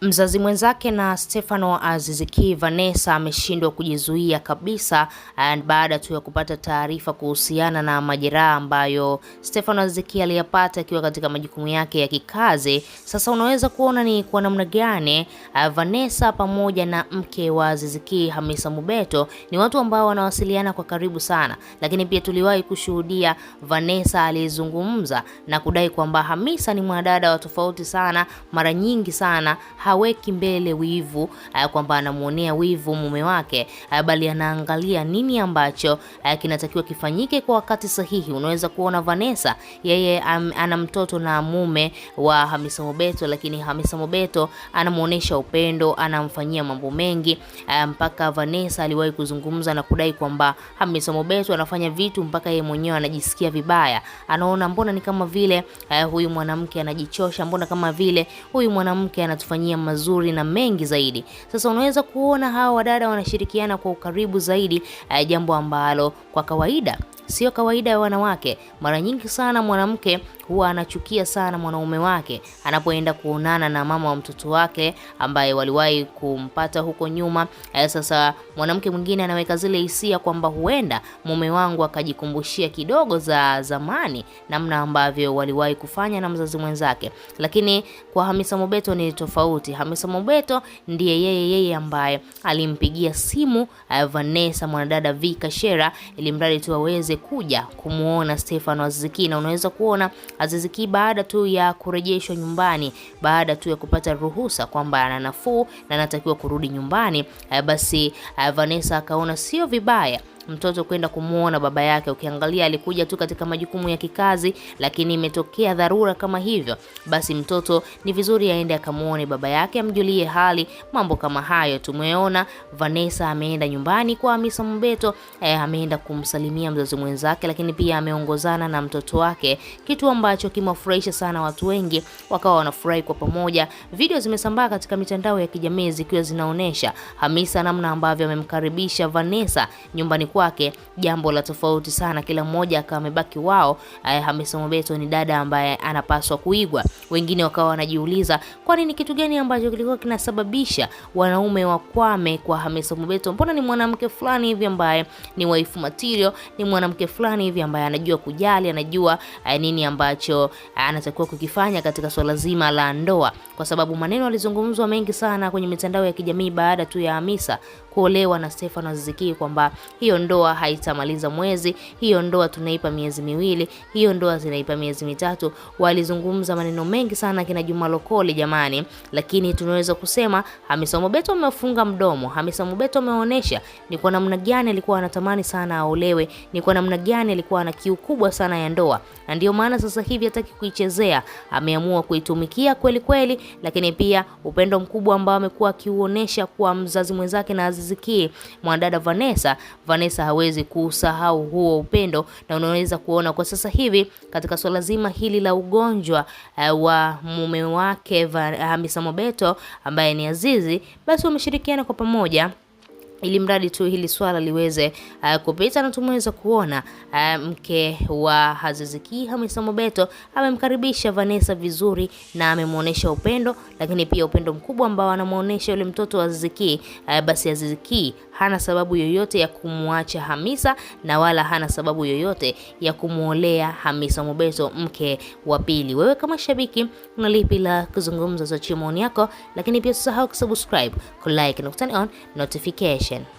Mzazi mwenzake na Stefano Aziziki Vanessa ameshindwa kujizuia kabisa and baada tu ya kupata taarifa kuhusiana na majeraha ambayo Stefano Aziziki aliyapata akiwa katika majukumu yake ya kikazi. Sasa unaweza kuona ni kwa namna gani uh, Vanessa pamoja na mke wa Aziziki Hamisa Mobeto ni watu ambao wanawasiliana kwa karibu sana, lakini pia tuliwahi kushuhudia Vanessa aliyezungumza na kudai kwamba Hamisa ni mwanadada wa tofauti sana, mara nyingi sana haweki mbele wivu eh, kwamba anamwonea wivu mume wake, eh, bali anaangalia nini ambacho eh, kinatakiwa kifanyike kwa wakati sahihi. Unaweza kuona Vanessa yeye ana mtoto na mume wa Hamisa Mobeto, lakini Hamisa Mobeto anamwonyesha upendo, anamfanyia mambo mengi mpaka Vanessa aliwahi kuzungumza na kudai kwamba Hamisa Mobeto anafanya vitu mpaka yeye mwenyewe anajisikia vibaya, anaona mbona ni kama vile huyu mwanamke anajichosha, mbona kama vile huyu mwanamke anatufanyia mazuri na mengi zaidi. Sasa unaweza kuona hawa wadada wanashirikiana kwa ukaribu zaidi, eh, jambo ambalo kwa kawaida Sio kawaida ya wanawake. Mara nyingi sana mwanamke huwa anachukia sana mwanaume wake anapoenda kuonana na mama wa mtoto wake ambaye waliwahi kumpata huko nyuma. Eh, sasa mwanamke mwingine anaweka zile hisia kwamba huenda mume wangu akajikumbushia kidogo za zamani, namna ambavyo waliwahi kufanya na mzazi mwenzake. Lakini kwa Hamisa Mobeto ni tofauti. Hamisa Mobeto ndiye yeye yeye ambaye alimpigia simu eh, Vanessa, mwanadada Vika Shera, ili mradi tu aweze kuja kumuona Stefano Aziziki, na unaweza kuona Aziziki baada tu ya kurejeshwa nyumbani, baada tu ya kupata ruhusa kwamba ana nafuu na anatakiwa kurudi nyumbani, eh, basi eh, Vanessa akaona sio vibaya mtoto kwenda kumwona baba yake. Ukiangalia alikuja tu katika majukumu ya kikazi, lakini imetokea dharura kama hivyo, basi mtoto ni vizuri aende akamwone baba yake, amjulie hali, mambo kama hayo. Tumeona Vanessa ameenda nyumbani kwa Hamisa Mbeto eh, ameenda kumsalimia mzazi mwenzake, lakini pia ameongozana na mtoto wake, kitu ambacho kimewafurahisha sana watu wengi, wakawa wanafurahi kwa pamoja. Video zimesambaa katika mitandao ya kijamii zikiwa zinaonesha Hamisa namna ambavyo amemkaribisha Vanessa nyumbani kwa kwake jambo la tofauti sana, kila mmoja akawa amebaki wao. Hamisa Mobeto ni dada ambaye anapaswa kuigwa. Wengine wakawa wanajiuliza kwani ni kitu gani ambacho kilikuwa kinasababisha wanaume wakwame kwa Hamisa Mobeto? Mbona ni mwanamke fulani hivi ambaye ni waifu material, ni mwanamke fulani hivi ambaye anajua kujali, anajua eh, nini ambacho eh, anatakiwa kukifanya katika swala zima la ndoa, kwa sababu maneno yalizungumzwa mengi sana kwenye mitandao ya kijamii baada tu ya Hamisa kuolewa na Stefano Aziziki kwamba hiyo ndoa haitamaliza mwezi, hiyo ndoa tunaipa miezi miwili, hiyo ndoa zinaipa miezi mitatu. Walizungumza maneno mengi sana kina Juma Lokole jamani, lakini tunaweza kusema Hamisa Mobeto amefunga mdomo. Hamisa Mobeto ameonyesha ni kwa namna gani alikuwa anatamani sana aolewe, ni kwa namna gani alikuwa ana kiu kubwa sana ya ndoa, na ndio maana sasa hivi hataki kuichezea, ameamua kuitumikia kweli kweli, lakini pia upendo mkubwa ambao amekuwa akiuonesha kwa mzazi mwenzake na Aziz Ki, mwanadada Vanessa Vanessa kabisa hawezi kusahau huo upendo, na unaweza kuona kwa sasa hivi katika swala zima hili la ugonjwa uh, wa mume wake eh, Hamisa Mobeto ambaye ni Azizi, basi wameshirikiana kwa pamoja ili mradi tu hili swala liweze uh, kupita na tumeweza kuona uh, mke wa Azizi Hamisa Mobeto amemkaribisha Vanessa vizuri na amemwonyesha upendo, lakini pia upendo mkubwa ambao anamwonyesha yule mtoto wa Azizi uh, basi Azizi hana sababu yoyote ya kumwacha Hamisa na wala hana sababu yoyote ya kumwolea Hamisa Mobeto mke wa pili. Wewe kama shabiki una lipi la kuzungumza? Achia maoni yako, lakini pia usisahau kusubscribe, kulike na kutani on notification.